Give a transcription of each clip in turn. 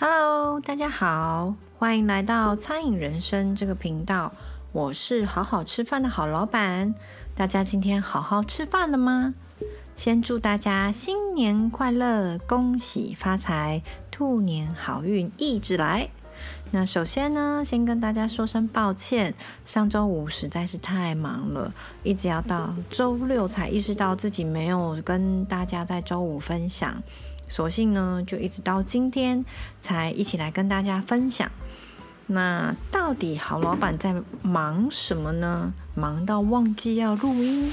Hello，大家好，歡迎來到餐飲人生這個頻道。我是好好吃飯的好老板。大家今天好好吃飯了嗎？先祝大家新年快樂，恭喜發財，兔年好運一直來。那首先呢，先跟大家說聲抱歉，上周五實在是太忙了，一直要到周六才意識到自己沒有跟大家在周五分享。索性呢，就一直到今天才一起來跟大家分享。那到底好老闆在忙什麼呢？忙到忘記要錄音。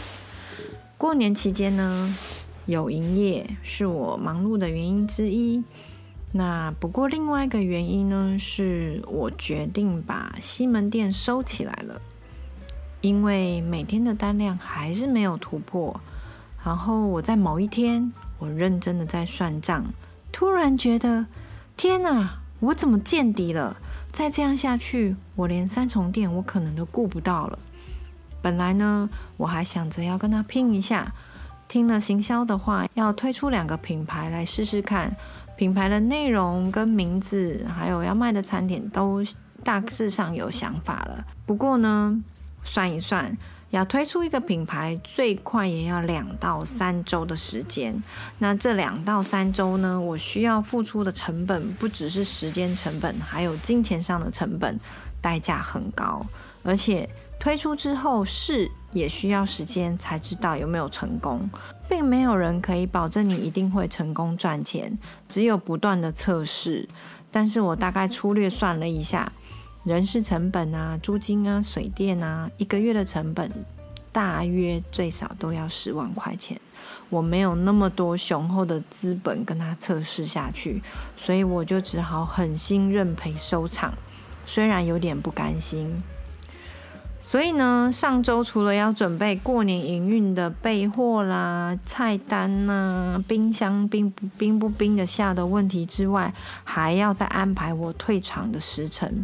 過年期間呢，有營業，是我忙碌的原因之一。那不過另外一個原因呢，是我決定把西門店收起來了，因為每天的單量還是沒有突破。然後我在某一天，我認真的在算賬，突然覺得，天哪，我怎麼見底了？再這樣下去，我連三重店我可能都顧不到了。本來呢，我還想着要跟他拼一下，聽了行銷的話，要推出兩個品牌來試試看，品牌的內容跟名字，還有要賣的產品都大致上有想法了。不過呢，算一算。要推出一個品牌，最快也要兩到三周的時間。那這兩到三周呢？我需要付出的成本不只是時間成本，還有金錢上的成本，代價很高。而且推出之後試也需要時間才知道有沒有成功，並沒有人可以保證你一定會成功賺錢，只有不斷的測試。但是我大概粗略算了一下。人事成本啊，租金啊，水電啊，一個月的成本大約最少都要十萬塊錢。我沒有那麼多雄厚的資本跟他測試下去，所以我就只好狠心認賠收場，雖然有點不甘心。所以呢，上週除了要準備過年營運的備貨啦、菜單吶、啊、冰箱冰不冰，不冰不冰的下的問題之外，還要再安排我退場的時辰。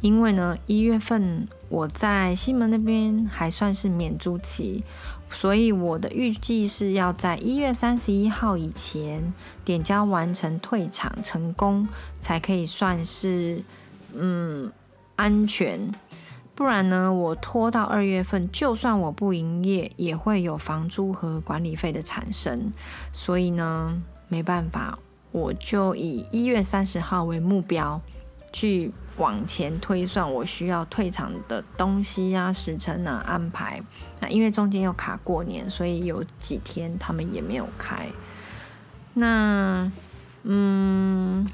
因為呢，一月份我在西門那邊還算是免租期，所以我的預計是要在一月三十一號以前點交完成，退場成功，才可以算是嗯，安全。不然呢，我拖到二月份，就算我不營業，也會有房租和管理費的產生。所以呢，沒辦法，我就以一月三十號為目標。去往前推算，我需要退場的東西啊、時辰啊、安排。那因為中間又卡過年，所以有幾天他們也沒有開。那，嗯。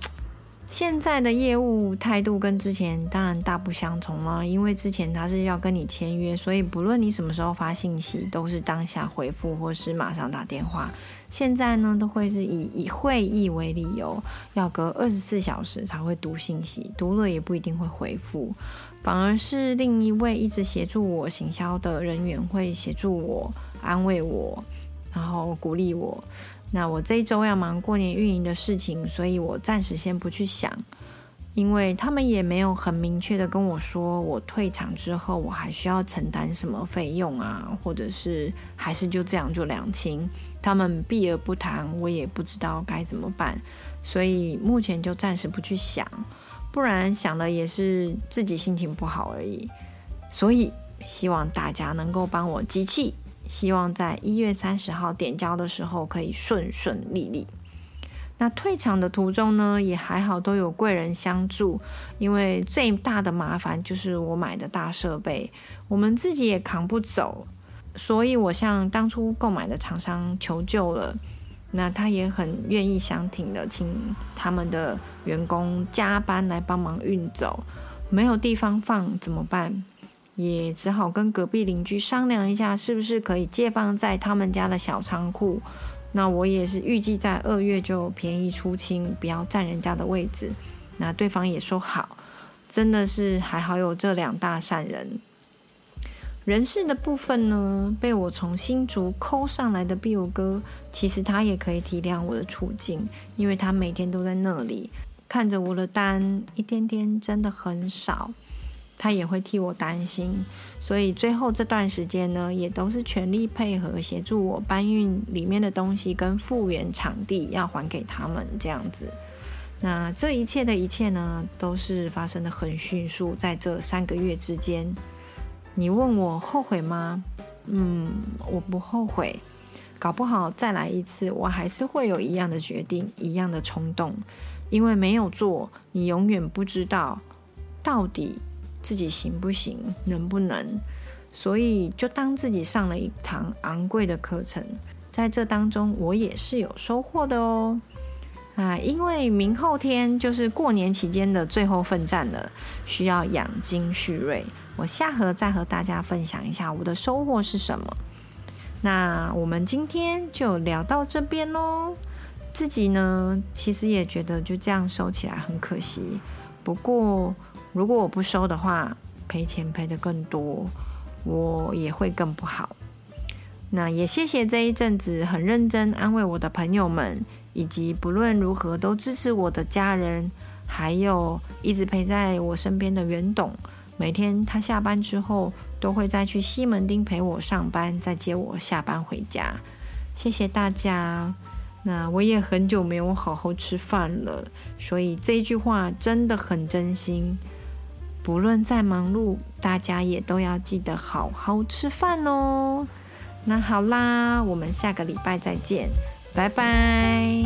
現在的業務態度跟之前當然大不相同了，因為之前他是要跟你簽約，所以不論你什麼時候發信息，都是當下回覆或是馬上打電話。現在呢，都會是以以會議為理由，要隔24小時才會讀信息，讀了也不一定會回覆，反而是另一位一直協助我行銷的人員會協助我安慰我。然後鼓勵我，那我這一周要忙過年運營的事情，所以我暫時先不去想，因為他們也沒有很明確的跟我說，我退場之後我還需要承擔什麼費用啊，或者是還是就這樣就兩清，他們避而不談，我也不知道該怎麼辦，所以目前就暫時不去想，不然想了也是自己心情不好而已，所以希望大家能夠幫我集氣。希望在一月三十號點交的時候可以順順利利。那退場的途中呢，也還好都有貴人相助，因為最大的麻煩就是我買的大設備，我們自己也扛不走，所以我向當初購買的廠商求救了，那他也很願意相挺的，請他們的員工加班來幫忙運走。沒有地方放怎麼辦？也只好跟隔壁鄰居商量一下，是不是可以借放在他們家的小倉庫。那我也是預計在二月就便宜出清，不要佔人家的位置。那對方也說好，真的是還好有這兩大善人。人事的部分呢，被我從新竹摳上來的碧有哥，其實他也可以體諒我的處境，因為他每天都在那裡看着我的單，一天天真的很少。他也會替我擔心，所以最後這段時間呢，也都是全力配合協助我搬運裡面的東西，跟復原場地要還給他們這樣子。那這一切的一切呢，都是發生的很迅速，在這三個月之間。你問我後悔嗎？嗯，我不後悔。搞不好再來一次，我還是會有一樣的決定，一樣的衝動，因為沒有做，你永遠不知道到底自己行不行，能不能？所以就當自己上了一堂昂貴的課程，在這當中我也是有收穫的哦。啊，因為明後天就是過年期間的最後奮戰了，需要養精蓄銳。我下回再和大家分享一下我的收穫是什麼。那我們今天就聊到這邊嘍。自己呢，其實也覺得就這樣收起來很可惜，不過，如果我不收的話，賠錢賠得更多，我也會更不好。那也謝謝這一陣子很認真安慰我的朋友們，以及不論如何都支持我的家人，還有一直陪在我身邊的袁董。每天他下班之後都會再去西門町陪我上班，再接我下班回家。謝謝大家。那我也很久沒有好好吃飯了，所以這一句話真的很真心。不論再忙碌，大家也都要記得好好吃飯哦。那好啦，我們下個禮拜再見，拜拜。